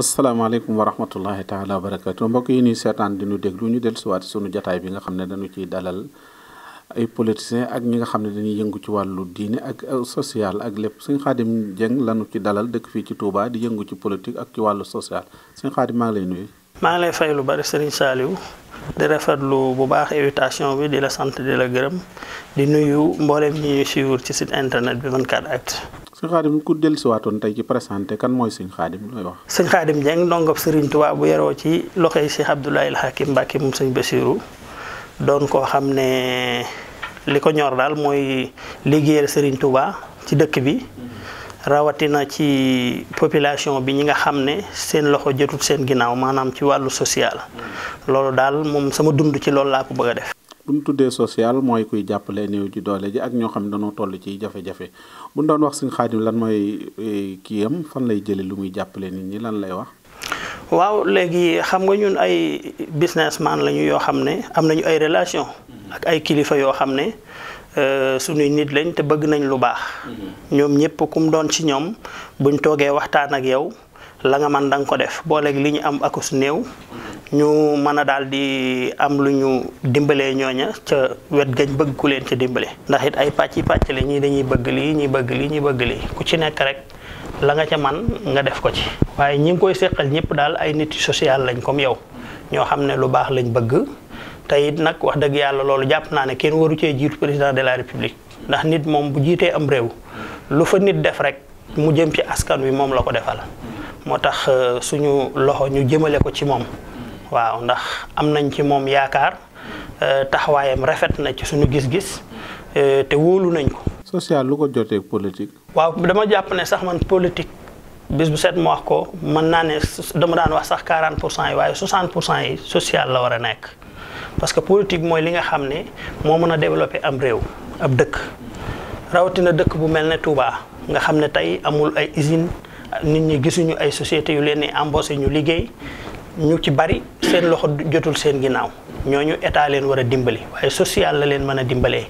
asalaamaaleykum wa rahmatullahi taala wa barakatu mbokk yi nuy seetaan di ñu déglu ñu del suwaat sunu jataay bi nga xam ne dañu ciy dalal ay politiciens ak ñi nga xam ne dañuy yëngu ci wàllu diine ak social ak lépp suñ Xaadim Jeng lañu ci dalal dëkk fii ci tuubaa di yëngu ci politique ak ci wàllu social suñ Xaadim maa ngi lay nuyu maa ngi lay fay lu bari Serigne Saliou di rafetlu bu baax invitation bi di la sant di la gërëm di nuyu mboolem ñi ñuy suivre ci site internet bi 24actu sëñ xaadim ku dellusiwaatoon tey ci présenté kan mooy sëñ xaadim looy wax. sëñ xaadim Dieng ndongob sëriñ Tuubaa bu yaroo ci loxoy Cheikh Abdoulaye El Hakim Mbacke moom sëñ Bassirou doon koo xam ne li ko ñor daal mooy liggéeyal sëriñ Tuubaa ci dëkk bi. rawatina ci population bi ñi nga xam ne seen loxo jotut seen ginnaaw maanaam ci wàllu social. loolu daal moom sama dund ci loolu laa ko bëgg def. bu ñu tuddee social mooy kuy jàppale néew ji doole ji ak ñoo xam ne dañoo tollu ci jafe-jafe bu ñu doon wax Sëñ Xaadim lan mooy eh, kiyam fan lay jëlee lu muy jàppale nit ñi lan lay wax. waaw léegi xam nga ñun ay businessman lañu yoo xam ne am nañu ay relation ak ay kilifa yoo xam ne. Euh, suñuy nit lañ te bëgg nañ lu baax mm-hmm. ñoom ñëpp mu doon ci ñoom buñ toogee waxtaan ak yow la nga man danga ko def booleeg li ñu am ak su néew ñu mën a daal di am lu ñu dimbalee ñooña ca wet gañ bëgg ku leen ca dimbale ndax it ay pàcc yi pàcc la ñii dañuy bëgg lii ñuy bëgg lii ñuy bëgg lii ku ci nekk rek la nga ca man nga def ko ci waaye ñi ngi koy seqal ñëpp daal ay nit yu social lañ comme yow ñoo xam ne lu baax lañ bëgg te it nag wax dëgg yàlla loolu jàpp naa ne kenn waru cee jiitu président de la république ndax nit moom bu jiitee am réew lu fa nit def rek mu jëm ci askan wi moom la ko defal moo tax euh, suñu loxo ñu jëmale ko ci moom waaw ndax am nañ ci moom yaakaar euh, taxawaayam rafet na ci suñu gis-gis euh, te wóolu nañ ko. social lu ko jotee politique. waaw dama jàpp ne sax man politique bis bu set mu wax ko mën naa ne dama daan wax sax quarante pour cent yi waaye 60 pour yi social la war a nekk parce que politique mooy li nga xam ne moo mën a développer am réew ab dëkk rawatina dëkk bu mel ne Touba nga xam ne tey amul ay usine nit ñi gisuñu ay société yu leen di embauché ñu liggéey. ñu ci bari seen loxo jotul seen ginnaaw ñoo ñu état leen war a dimbali waaye social la leen mën a dimbalee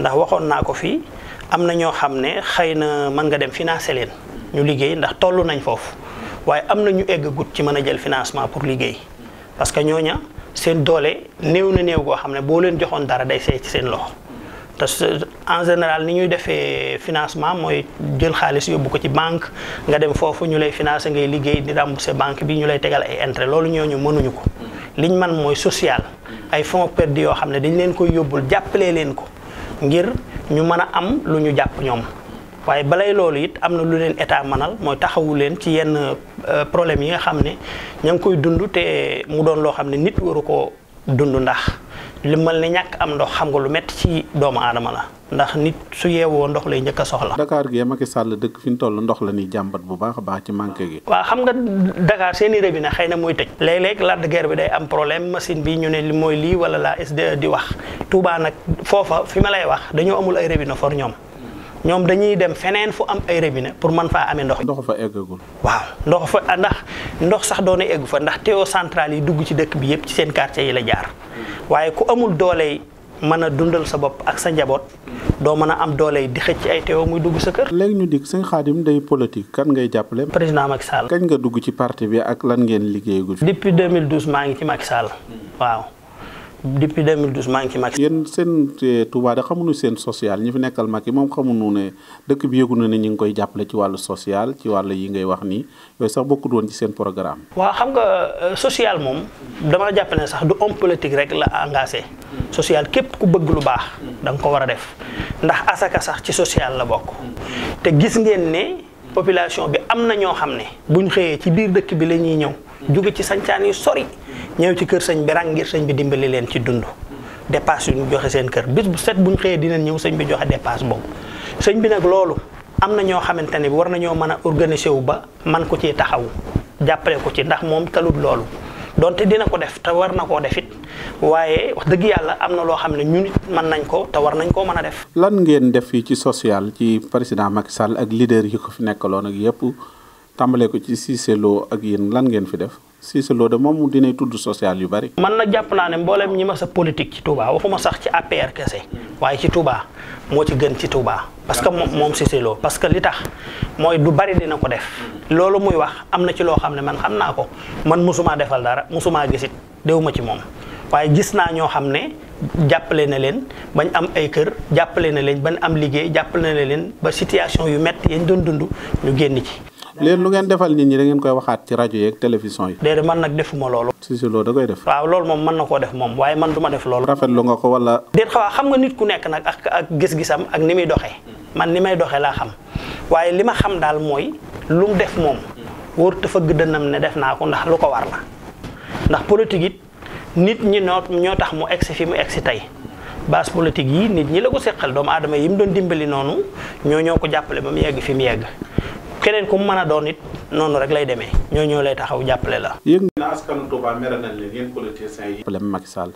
ndax waxoon naa ko fii am na ñoo xam ne xëy na mën nga dem financer leen ñu liggéey ndax toll nañ foofu waaye am na ñu egg gut ci mën a jël financement pour liggéey parce que ñooña seen doole néew na néew goo xam ne boo leen joxoon dara day seey ci seen loxo te en général ni ñuy defee financement mooy jël xaalis yóbbu ko ci banque nga dem foofu ñu lay financé ngay liggéey di remboursé banque bi ñu lay tegal ay intérêt loolu ñu mënuñu ko liñ man mooy social ay fonds perdu yoo xam ne dañ leen koy yóbbul jàppalee leen ko ngir ñu mën a am lu ñu jàpp ñoom waaye balay loolu it am na lu leen état mënal mooy taxawu leen ci yenn euh, problème yi nga xam ne ña ngi koy dund te mu doon loo xam ne nit waru ko dund li mel ni ñàkk am ndox xam nga lu métti ci doomu aadama la ndax nit su yeewoo ndox lay njëkk a soxla. Dakar gi Macky Sall dëkk fi ñu toll ndox la ñuy jàmbat bu baax a baax ci manqué gi. waaw xam nga Dakar seeni i robinet xëy na mooy tëj. léeg-léeg ladd guerre bi day am problème machine bi ñu ne li mooy lii wala la SDE di wax Touba nag foofa fi ma lay wax dañoo amul ay robinet for ñoom. ñoom dañuy dem feneen fu am ay robinet pour man faa amee ndox. ndox fa eggagul. waaw ndox fa ndax ndox sax doon na eggu fa ndax tuyaux central yi dugg ci dëkk bi yëpp ci seen quartier yi la jaar waaye ku amul doole mën a dundal sa bopp ak sa njaboot doo mën a am doole di xëcc ay teew muy dugg sa kër. léegi ñu dikk sëñ Xaadim day politique kan ngay jàppale. président Macky Sall. kañ nga dugg ci parti bi ak lan ngeen liggéeyagul. depuis 2012 maa ngi ci Macky Sall waaw. depuis 2012 maa ngi ci Macky. yéen seen eh, Touba da xamuñu seen social ñu fi nekkal yi moom xamuñu ne dëkk bi yëgu na ne ñu ngi koy jàppale ci wàllu social ci wàllu yi ngay wax nii yooyu sax bokkul woon ci seen programme. waa xam nga euh, social moom dama jàppale sax du homme politique rek la engagé. social képp ku bëgg lu baax. da nga ko war a def ndax asaka sax ci social la bokk. te gis ngeen ne population bi am na ñoo xam ne. buñ xëyee ci biir dëkk bi la ñuy ñëw. jóge ci sancaan yu sori ñëw ci kër sañ bi rang ngir sañ bi dimbali leen ci dund dépasse yu ñu joxe seen kër bis bu set bu ñu xëyee dinañ ñëw sañ bi joxe dépasse boobu sañ bi nag loolu am na ñoo xamante ne bi war nañoo mën a organiser wu ba man ko ci taxawu jàppale ko ci ndax moom talut loolu donte dina ko def te war na koo def it waaye wax dëgg yàlla am na loo xam ne ñun it mën nañ ko te war nañ koo mën a def. lan ngeen def fii ci social ci président Macky Sall ak leader yi ko fi nekkaloon ak yëpp. tàmbalee ko ci Cissé Lo ak yéen lan ngeen fi def Cissé Lo de moom dinay tudd social yu bari. man nag jàpp naa ne mboolem ñi ma sa politique ci Touba waxuma sax ci APR kese waaye ci Touba moo ci gën ci Touba. parce que moom moom Cissé Lo parce que li tax mooy du bari dina ko def. loolu muy wax am na ci loo xam ne man xam naa ko man mosumaa defal dara mosumaa gisit dewuma ci moom waaye gis naa ñoo xam ne. jàppale na leen bañ am ay kër jàppale na leen bañ am liggéey jàppal na leen ba situation yu metti yañ doon dund ñu génn ci leen lu ngeen defal nit ñi da ngeen koy waxaat ci yi yeeg télévision yi. déedéet man nag defuma loolu. si si loolu da koy def. waaw lool moom mën na koo def moom waaye man du ma def loolu. rafetlu nga ko wala. déet xaw xam nga nit ku nekk nag ak ak gis-gisam ak ni muy doxee man ni may doxee laa xam waaye li ma xam daal mooy lu mu def moom. wóor te fëgg dënnam ne def naa ko ndax lu ko war la ndax politique nit ñi noo ñoo tax mu egsi fi mu egsi tey. base politique yi nit ñi la ko seqal doomu aadama yi mu doon dimbali noonu ñoo ñoo ko jàppale ba mu yegg fi mu yegg keneen ku mën a doon it noonu rek lay demee ñoo ñoo lay taxaw jàppale la. yëg na askanu Touba leen yéen politiciens yi. problème Macky Sall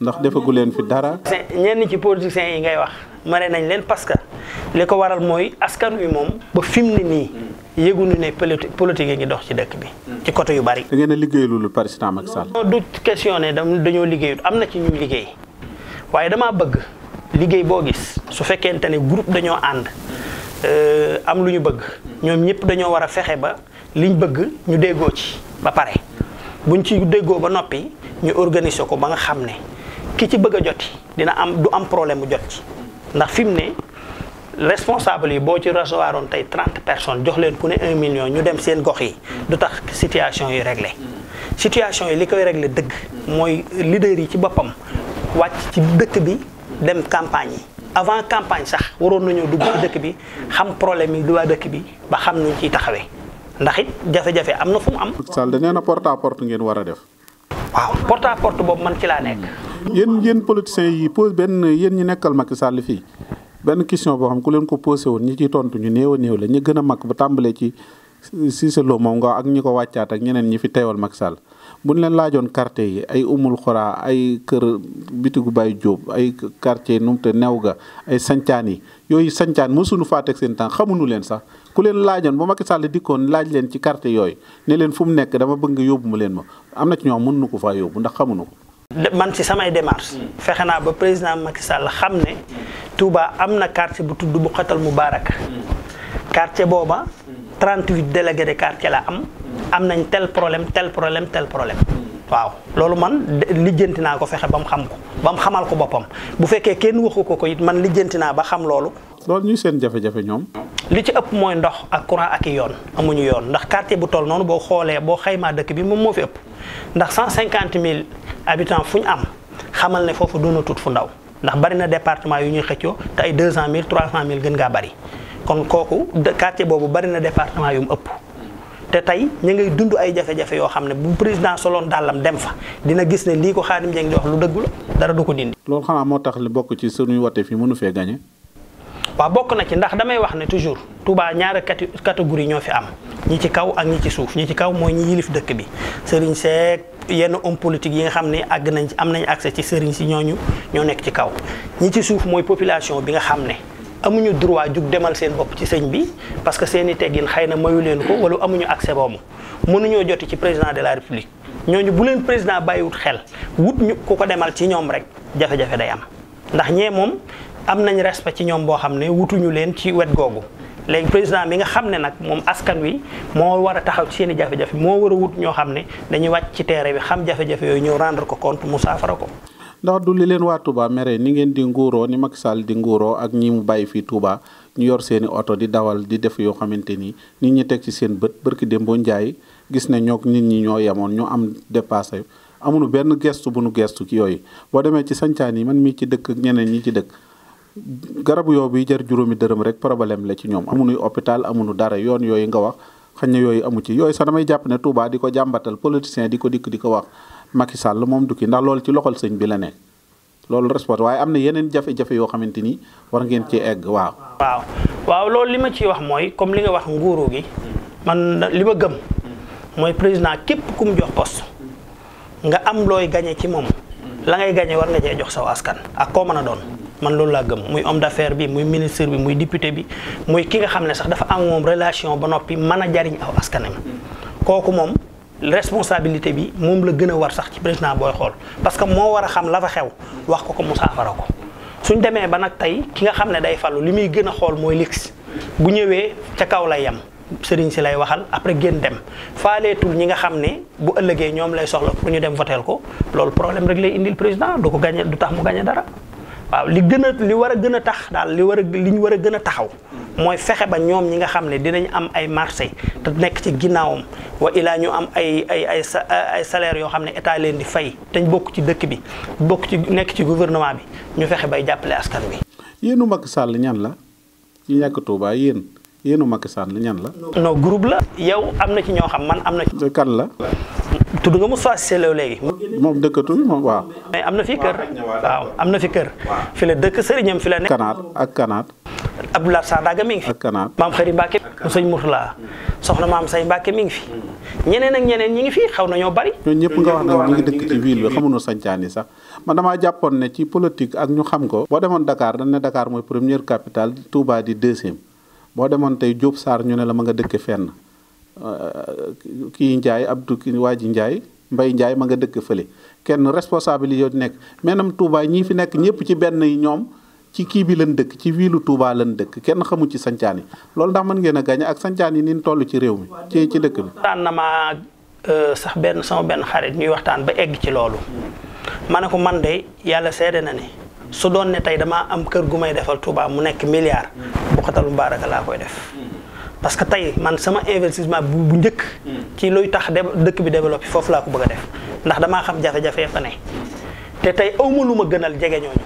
ndax defagu leen fi dara. ñenn ci politiciens yi ngay wax mere nañ leen parce que li ko waral mooy askan wi moom ba fi mu ne nii. Mm. yëguñu ne politique yi ngi dox ci dëkk bi. Mm. ci côté yu bari. da ngeen a liggéeyalul président Macky Sall. non du question ne dañoo liggéeyul am na ci ñu liggéey waaye damaa bëgg liggéey boo gis su fekkente ne groupe dañoo ànd. am lu ñu bëgg. ñoom ñëpp dañoo war a fexe ba liñ bëgg ñu déggoo ci ba pare buñ ci déggoo ba noppi ñu organiser ko ba nga xam ne ki ci bëgg a joti dina am du am problème bu jot ci ndax fi mu ne responsable yi boo ci recevoir tey trente personnes jox leen ku ne un million ñu dem seen gox yi. du tax situation yi réglé. situation yi li koy réglé dëgg. mooy leader yi ci boppam. wàcc ci dëkk bi dem campagne yi. avant campagne sax waroon nañoo dugg ci dëkk bi xam problème yi du waa dëkk bi ba xam nuñ ciy taxawee ndax it jafe-jafe am na fu mu am. Sall da nee na porte à porte ngeen war a def. waaw porte à porte boobu man ci laa nekk. yéen yéen yi pose benn yéen ñi nekkal Macky Sall fii benn question boo xam ku leen ko posé woon ñi ciy tontu ñu néew a néew la ñu gën a mag ba tàmbalee ci Cissé Lo moom nga ak ñi ko wàccaat ak ñeneen ñi fi teewal mag Sall bu ñu leen laajoon quartier yi ay umul xoraa ay kër bitigu Baye jóob ay quartier nu te new ga ay sancaan yi yooyu sancaan mësuñu faa teg seen tànk xamuñu leen sax ku leen laajoon ba Macky Sall dikkoon laaj leen ci quartier yooyu ne leen fu mu nekk dama bëgg nga yóbbu ma leen ma am na ci ñoom mënuñu ko faa yóbbu ndax xamuñu ko. man si samay démarche fexe naa ba président Macky Sall xam ne Touba am na quartier bu tudd bu xatal Mubarak quartier booba 38 délégués de quartier la am am nañ tel problème tel problème tel problème waaw loolu man lijjanti naa ko fexe ba mu xam ko ba mu xamal ko boppam bu fekkee kenn waxu ko ko it man lijjanti naa ba xam loolu. loolu ñuy seen jafe-jafe ñoom. li ci ëpp mooy ndox ak courant ak i yoon amuñu yoon ndax quartier bu toll noonu boo xoolee boo xaymaa dëkk bi moom moo fi ëpp ndax cent 150 mille habitants fu ñu am xamal ne foofu doona tut fu ndaw ndax bari na département yu ñuy xëccoo te ay 200 000 300 000 gën ngaa bari. kon kooku quartier boobu bari na département yu mu ëpp. te tey ñu ngay dund ay jafe-jafe yoo xam ne bu président soloon dàllam dem fa dina gis ne lii ko Khadim Dieng di wax lu dëggu la dara du ko dindi. loolu xanaa moo tax li bokk ci suñuy wote fi mënu fee gañe. waaw bokk na ci ndax damay wax ne toujours Touba ñaari catégorie ñoo fi am ñi ci kaw ak ñi ci suuf ñi ci kaw mooy ñi yilif dëkk bi sëriñ seek yenn homme politique yi nga xam ne àgg nañ am nañ accès ci sëriñ si ñooñu ñoo nekk ci kaw ñi ci suuf mooy population bi nga xam ne. amuñu droit jug demal seen bopp ci sëñ bi parce que seen i teggin xëy na mayu leen ko wala amuñu accès boobu mënuñoo joti ci président de la république ñooñu bu leen président bàyyiwut xel wut ñu ku ko demal ci ñoom rek jafe day am ndax ñee moom am nañ respect ci ñoom boo xam ne wutuñu leen ci wet googu léegi président bi nga xam ne nag moom askan wi moo war a taxaw ci seen i jafe-jafe moo war a wut ñoo xam ne dañuy wàcc ci terrain bi xam jafe-jafe yooyu ñëw rendre ko compte mu saafara ko ndax du li leen waa Touba mere ni ngeen di nguuroo ni Macky Sall di nguuroo ak ñi mu bàyyi fii Touba ñu yor seeni oto di dawal di def yoo xamante ni nit ñi teg ci bët barki Demba Ndiaye gis ne nit ñi ñoo yemoon ñu am dépassé amuñu benn gestu bu nu gestu ci yooyu boo demee ci sancaan yi man mii ci dëkk ñeneen ñi ci dëkk garabu yoo bi jar juróomi dërëm rek problème la ci ñoom amu amuñu hôpital amuñu dara yoon yooyu nga wax xañ ne yooyu amu ci yooyu sax damay jàpp ne Touba di ko jàmbatal politicien di ko dikk di ko wax Macky Sall moom dukki kii ndax loolu ci loxol sëñ bi la nekk loolu responsable waaye am na yeneen jafe-jafe yoo xamante ni war ngeen cee egg waaw. waaw waaw loolu li ma ciy wax mooy comme li nga wax nguuru gi man li ma gëm mooy président képp ku mu jox poste nga am looy gañe ci moom la ngay gañe war nga cee jox saw askan ak koo mën a doon. man loolu laa gëm muy homme d'affaires bi muy ministre bi muy député bi muy ki nga xam ne sax dafa am moom relation ba noppi mën a jariñ aw askanam kooku moom. responsabilité bi moom la gën a war sax ci président booy xool parce que moo war a xam la fa xew wax ko ko musaafara ko suñ demee ba nag tey ki nga xam ne day falu li muy gën a xool mooy lix bu ñëwee ca kaw lay yem sëriñ si lay waxal après génn dem faaleetul ñi nga xam ne bu ëllëgee ñoom lay soxla pour ñu dem voteel ko loolu problème rek lay indil président du ko gagné du tax mu gagné dara. waaw li gën a li war a gën a tax daal li war a li ñu war a gën a taxaw mooy fexe ba ñoom ñi nga xam ne dinañ am ay marché te nekk ci ginnaawam wa ilaa ñu am ay ay ay ay salaire yoo xam ne état leen di fay dañ bokk ci dëkk bi bokk ci nekk ci gouvernement bi ñu fexe bay jàppale askan wi. yéenu Macky Sall ñan la ñu nekk Touba yéen yéenu Macky Sall ñan la. non groupe la. yow am na ci ñoo xam man am na ci. kan la. tudd nga Moustapha Cissé Lo léegi. moom dëkkatul moom waaw. mais am na fi kër am na fi kër. fi la dëkk sëriñam fi la nekk. kanaat ak kanaat. Abdoulaye Sadaga mi ngi fi. ak kanaat maam Xari Mbacke. sëñ laa soxna maam say Mbacke mi ngi fi. ñeneen ak ñeneen ñi ngi fi xaw nañoo bari. ñooñu ñëpp nga wax ne ñu ngi dëkk ci ville bi xamuñu sancaan yi sax man damaa jàppoon ne ci politique ak ñu xam ko. boo demoon dakaar dañ ne Dakar mooy première capital Touba di deuxième boo demoon tey Diop Sarr ñu ne la ma nga dëkk fenn Euh, kii Ndiaye Abdou kii waa ji Ndiaye Mbaye Ndiaye ma nga dëkk fële kenn responsable yi yoo nekk maanaam Touba ñii fi nekk ñëpp ci benn ñoom ci kii bi lan dëkk ci wiilu Touba lan dëkk kenn xamu ci sancaan yi loolu ndax mën ngeen a gañe ak sancaan yi nin tollu ci réew mi ci ci dëkk bi na ma euh, sax benn sama benn xarit ñuy waxtaan ba egg ci loolu ma ne ko man de yàlla seede na ne su doon ne tey damaa am kër gu may defal Touba mu nekk milliard bu xatal mbaaraka laa koy def parce que tey man sama investissement bu bu njëkk. ci luy tax dëkk bi développé foofu laa ko bëgg a def ndax damaa xam jafe-jafe fa ne te tey aw ma lu ma gënal jege ñooñu.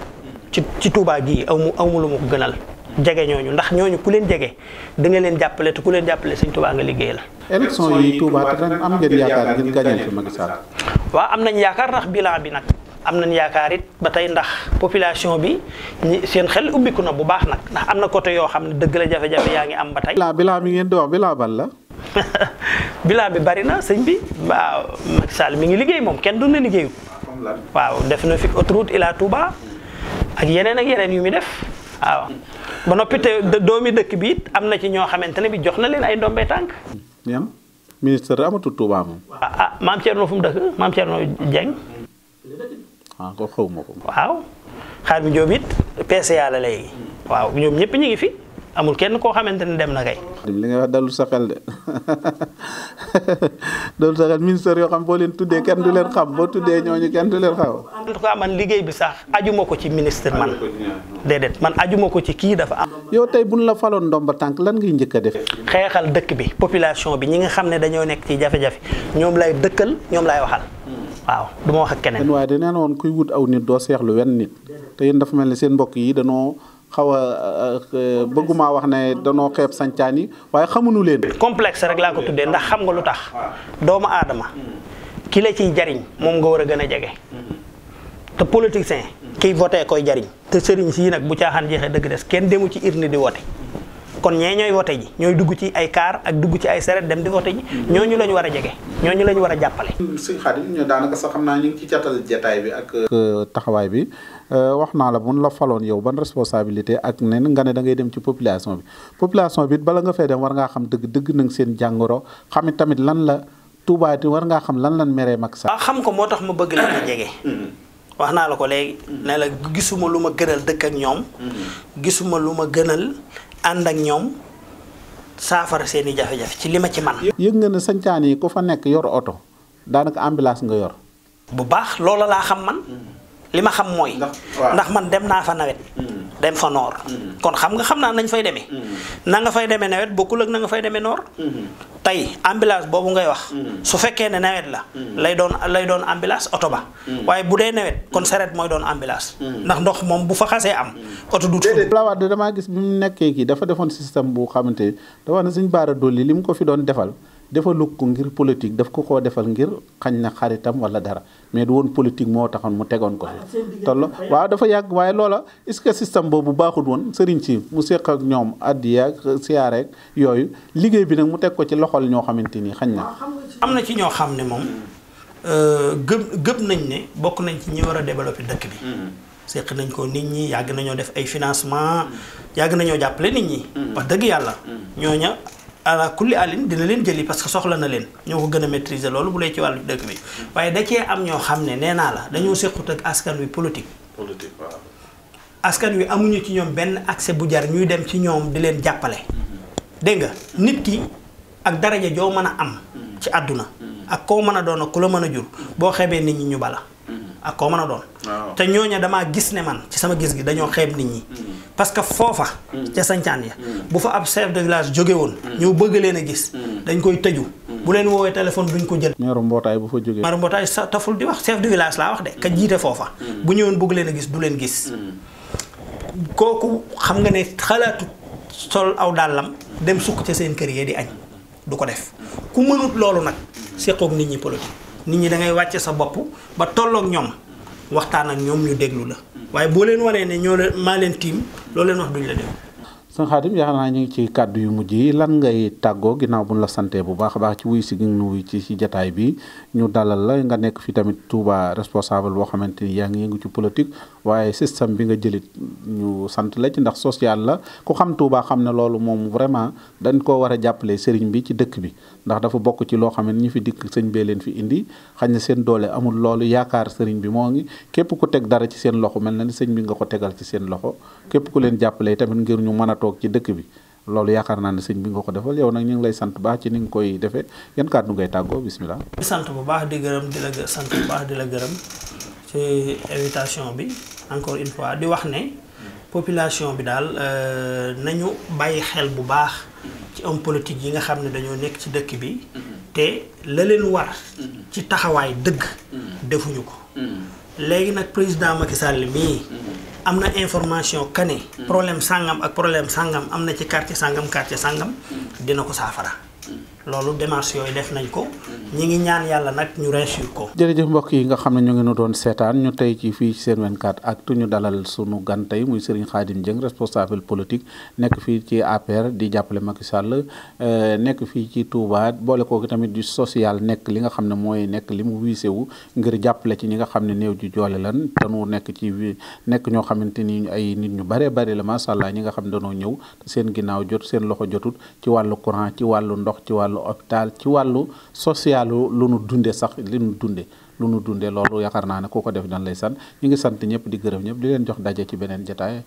ci ci Touba gii aw ma aw ma ko gënal. jege ñooñu ndax ñooñu ku leen jege da nga leen jàppale te ku leen jàppale sëñ Touba nga liggéey la. élection yi Touba te am ngeen yaakaar ngeen gagné fi Macky waaw am nañ yaakaar nax bilan bi nag. am nañ yaakaar it ba tey ndax population bi seen xel ubbiku na bu baax nag ndax am na côté yoo xam ne dëgg la jafe-jafe yaa ngi am ba tey. bilaa bilaa mi ngeen di wax bilaa bi bari na sëñ bi waaw mi ngi liggéey moom kenn du na liggéeyut. waaw def na fi autoroute Ila Touba ak yeneen ak yeneen yu muy def waaw ba noppi te doomi dëkk bi am na ci ñoo xamante ne bi jox na leen ay ndombee tànk. ñam ministre amatul Touba moom. ah ah maam Thierno fu mu dëkk maam Thierno Dieng. Ah, waaw xaar bi Diop it yàlla la léegi. waaw ñoom ñëpp ñu ngi fi amul kenn koo xamante ne dem na kay. li nga wax dalul sa xel de dalul sa xel ministère yoo xam boo leen tuddee kenn du leen xam boo tuddee ñooñu kenn du leen xaw. man liggéey bi sax ajuma ko ci ministre man déedéet man ajuma ko ci kii dafa am. yow tey buñ la faloon ndomba tànk lan ngay njëkk a def. xeexal dëkk bi population bi ñi nga xam ne dañoo nekk ci jafe-jafe ñoom lay dëkkal ñoom lay waxal. waaw du ma wax ak keneen. waaye dañu naan woon kuy wut aw nit doo seexlu wenn nit te yéen dafa mel ni seen mbokk yi danoo xaw a euh, bëgguma wax ne danoo xeeb sancaan yi waaye xamuñu leen. complexe rek laa ko tuddee ndax xam nga lu tax doomu aadama ki la ciy jariñ moom nga war a gën a jege. te politicien kiy voté koy jariñ te sëriñ si nag bu caaxaan jeexee dëgg des kenn demu ci urne di wote. kon ñee ñooy voté ji ñooy dugg ci ay kaar ak dugg ci ay seret dem di voté ji ñooñu la ñu war a jege ñooñu la ñu war a jàppale. suñu xarit ñu daanaka sax xam naa ñu ngi jataay bi ak. Euh, taxawaay bi euh, wax naa la mun la faloon yow ban responsabilité ak nen nga ne da ngay dem ci population bi population bi bala nga fay dem war ngaa xam dëgg dëgg nañ seen jàngoro xam tamit lan la tuubaati war ngaa xam lan lan meree mag saa xam ko moo tax ma bëgg la ñu jege. Mm-hmm. wax naa la ko léegi. ne la gisuma lu ma gënal dëkk ak ñoom. Mm-hmm. gisuma lu ma gënal ànd ak ñoom saafara seen i jafe-jafe ci li ma ci man yëg nga ne sañcaan yi ku fa nekk yor oto daanaka ambulance nga yor. bu baax loola laa xam man. li ma xam mooy. ndax man dem naa fa nawet. Mm. dem fa noor. Mm. kon xam nga xam naa nañ fay demee. Mm. na nga fay demee nawet bokkul ak na nga fay demee noor. Mm-hmm. tey ambulance boobu ngay wax. su fekkee ne nawet la. lay doon lay doon ambulance oto ba. waaye bu dee nawet kon saret mooy doon ambulance. ndax ndox moom bu fa xasee am. oto du. déedéet damaa gis bi mu nekkee ki dafa defoon système bu xamante ni dafa ne suñ baara dolli li mu ko fi doon defal defalul ko ngir politique daf ko koo defal ngir xañ na xaritam wala dara mais du woon politique moo taxoon mu tegoon ko fi. Ah, tolloo waaw dafa yàgg waaye loola est-ce que système boobu baaxul woon sëriñ si mu seq ak ñoom addiya ak siyaare ak yooyu liggéey bi nag mu teg ko ci loxol ñoo xamante nii xañ na. Ah, am na ci ñoo xam ne moom euh, gëm gëm nañ ne bokk nañ ci ñi war a développer séq nañ ko nit ñi yàgg nañoo def ay financement yàgg nañoo jàppale nit ñi. Mm. wax dëgg yàlla. Mm. ñooña ala kulli alin dina leen jëli parce que soxla na leen ñoo ko gën a maîtriser loolu bu dee ci wàllu dëkk bi mm. waaye dacee am ñoo xam ne nee la dañoo séqut ak askan wi politique. politique askan wi amuñu ci ñoom benn accès bu jar ñuy dem ci ñoom di leen jàppale. Mm-hmm. dégg nga nit ki ak daraja joo mën a am. ci àdduna. ak koo mën a doon ak ku la mën a jur boo xebee nit ñi ñu bala. ak koo man a doon. te ñooña damaa gis ne man ci sama gis gi dañoo xeeb nit ñi. Mm-hmm. parce que foofa. Mm-hmm. ca sancaan ya mm-hmm. bu fa ab chef de village jóge woon. ñëw bëgg leen a gis. dañ koy tëju. bu leen woowee téléphone duñ ko jël. ñaaru mbootaay bu fa jógee. ñaaru mbootaay sa taful di wax chef de village laa wax de. ka jiite foofa. bu ñëwoon bëgg leen gis du leen gis. kooku xam nga ne xalaatu sol aw dàllam. dem sukk ca seen kër yee di añ. du ko def ku mënut loolu nag seqoog nit ñi politique. nit ñi dangay wàcce sa bopp ba tollook ñoom waxtaan ak ñoom ñu déglu la waaye boo leen wanee ne ñoo leen maa leen tiim loo leen wax duñ la déglu sëñ Xaadim yaakaar naa ñu ngi ci kàddu yu mujj yi lan ngay tàggoo ginnaaw bu ñu la santee bu baax a baax ci wuy si gi nuyu ci jataay bi ñu dalal la nga nekk fi tamit Touba responsable boo xamante ni yaa ngi yëngu ci politique waaye système bi nga jëlit ñu sant la ci ndax social la ku xam Touba xam ne loolu moom vraiment dañ koo war a jàppale sëriñ bi ci dëkk bi ndax dafa bokk ci loo xam ne ñi fi dikk sëñ bee leen fi indi xañ na seen doole amul loolu yaakaar sëriñ bi moo ngi képp ku teg dara ci seen loxo mel na ni sëñ bi nga ko tegal ci seen loxo toog ci dëkk bi loolu yaakaar naa ne sëñ bi nga ko defal yow nag ñu ngi lay sant baax ci ni nga koy defee yan kàddu ngay tàggoo bismillah sant bu baax di gërëm di la sant bu baax di la gërëm ci invitation bi encore une fois di wax ne population bi daal euh, nañu bàyyi xel bu baax ci homme politique yi nga xam ne dañoo nekk ci dëkk bi mm-hmm. te la leen war mm-hmm. ci taxawaay dëgg mm-hmm. defuñu ko léegi nag président Macky Sall mii. Mhm. am na information que mhm. problème sàngam ak problème sàngam am na ci quartier sàngam quartier sàngam. Mhm. dina ko saafara. loolu démarche yooyu def nañ ko ñi ngi ñaan yàlla nag ñu réussir ko. jërëjëf mbokk yi nga xam ne ñu ngi nu doon seetaan ñu tey ci fii ci seen 24 actu ñu dalal sunu gan tey muy Serigne Khadim Dieng responsable politique nekk fii ci APR di jàppale Macky Sall euh, nekk fii ci Touba boole tamit di social nekk li nga xam ne mooy nekk li mu wiise wu ngir jàppale ci ñi nga xam ne néew ji joole lan te nu nekk ci nekk ñoo xamante ni ay nit ñu bare bare la macha allah ñi nga xam ne dañoo ñëw seen ginnaaw jot seen loxo jotut ci wàllu courant ci wàllu ndox ci wàllu. wàllu hôpital ci wàllu social lu nu dunde sax li nu dunde lu nu dunde loolu yaakaar naa ne ku ko def dañ lay san ñu ngi sant ñëpp di gërëm ñëpp di leen jox daje ci beneen jataay